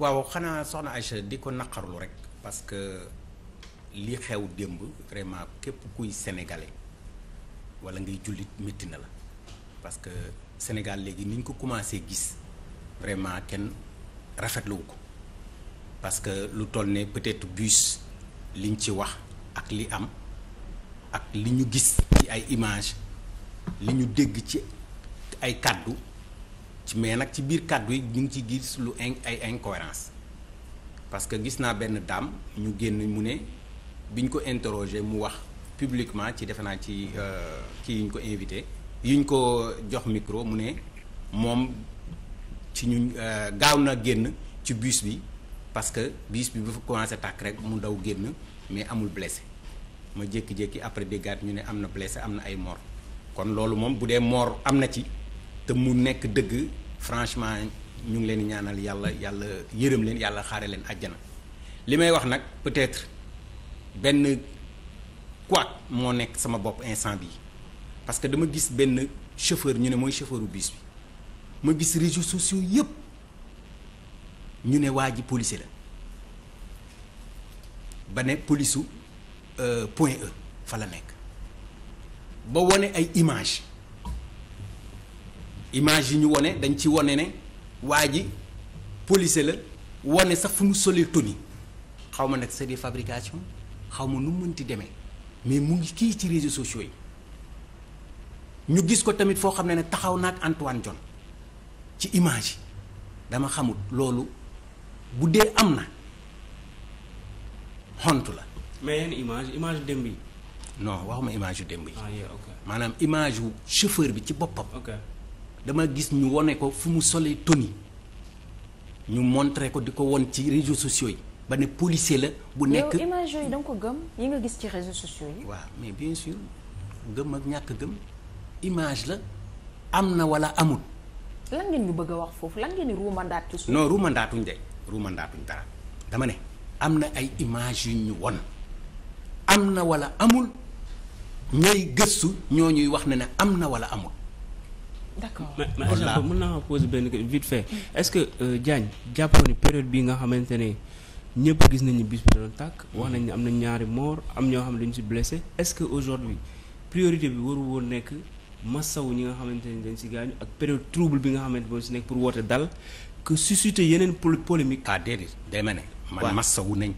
waaw xanaa soxna Aïcha di ko naqarlu rek parce que li xew démb vraiment képp kuy sénégalais wala ngay jullit métti na la parce que Sénégal léegi ni ñu ko commencé gis vraiment kenn rafetluwu ko parce que lu toll ne peut-être bus liñ ci wax ak li am ak li ñu gis ci ay images li ñu dégg ci ay kàddu mais nag ci biir kàddu yi ñu ngi ci gis lu in ay incohérence parce que gis naa benn dame ñu génn mu ne bi ñu ko interroger mu wax publiquement ci defe naa ci euh, kii yu ñu ko invité yu ñu ko jox micro mu ne moom ci ñu euh, gaaw na génn ci bus bi parce que bus bi ba fa commencé tàkk rek mu daw génn mais amul blessé ma jékki-jékki après déggaat ñu ne am na blessé am na ay mort kon loolu moom bu dee mort am na ci te mu nekk dëgg franchement ñu ngi leen ñaanal yàlla yàlla yërëm leen yàlla xaare leen àjjana li may wax nag peut-être benn quoi moo nekk sama bopp instant bi parce que dama gis benn chauffeur ñu ne mooy chauffeuru bus bi ma gis réseaux sociaux yëpp ñu ne waa ji policier la ba ne polisu euh, Point E fa la nekk ba wone ay image image yi ñu wone dañ ci wone ne waa ji policier la wone sax fu mu solee tenue xaw ma nag c'est des fabrications xaw ma nu mu mënti demee mais mu ngi kii ci réseaux sociaux yi ñu gis ko tamit foo xam ne ne taxaw naa ak Antoine John ci image yi dama xamul loolu bu dee am na xontu la. mais yenn image image démb yi. non waxuma image yu démb yi. Ah, maanaam image yu chauffeur bi ci boppam. dama gis ñu wone ko fu mu solee tenue ñu montré ko di ko won ci réseaux sociaux yi ba ne policier la bu nekk yow image yooyu da ko gëm yi nga gis ci réseaux sociaux yi waaw mais bien sûr gëm ak ñàkk gëm image la am na walla amul lan ngeen ñu bëgg a wax foofu lan ngeen ni ruumandaat ci suuf non ruumandaatuñ de ruumandaatuñ dara dama ne am na ay image yu ñu won am na wala amul ñay gëstu ñoo ñuy wax na ne am na wala amul d'accord mais mais exemple mën naa poser benn vite fait ce que euh, Diagne jàppoo ni période bii nga xamante ne ñëpp gis nañ ni bis bi tàkk wax nañ ne am na ñaari mort am ñoo xam ne dañu si blessé est-ce que aujourd'hui priorité bi waru woon nekk massawu ñi nga xamante ne dañ si gaañu ak période trouble bi nga xamante moo si nekk pour woote dal que susciter yeneen polémique ah déedéet dama ne man massawu nañ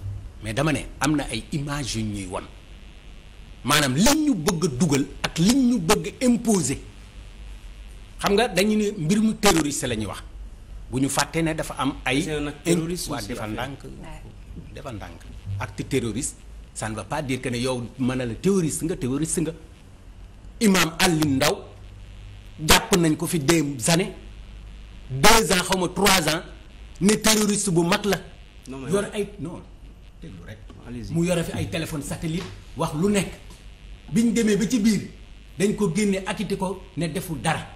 mais dama ne am na ay image yu ñuy wan maanaam liñ ñu bëgg dugal ak liñ ñu bëgg imposé xam nga dañu ne mbir mu terroriste la ñuy wax bu ñu fàttee ne dafa am ay. terroriste waa defal ndànk defal ndànk acte terroriste ça ne veut pas dire ne yow mën na la terroriste nga terroriste nga imam Alioune ndaw jàpp nañ ko fi des années deux ans xaw ma trois ans ne terroriste bu mag la. yore ay non déglu mu yore fi ay téléphone satelit wax lu nekk biñ demee ba ci biir dañ ko génne acquitté ko ne deful dara.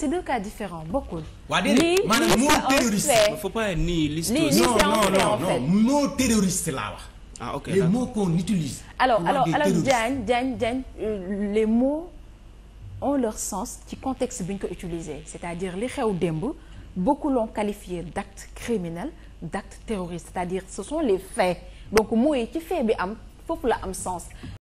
c'est deux cas différents bokkul. waa déedéet maanaam mot terroriste. il faut pas nii liste non non non mot terroriste laa ah, les mots qu'on utilise. alors alors alors Diagne Diagne euh, les mots ont leur sens ci contexte bi ñu ko utiliser c'est-à-dire li xew démb beaucoup l'ont qualifié d'acte criminel d'acte terroriste c'est-à-dire ce sont les faits donc mooy ci fait bi am foofu la am sens.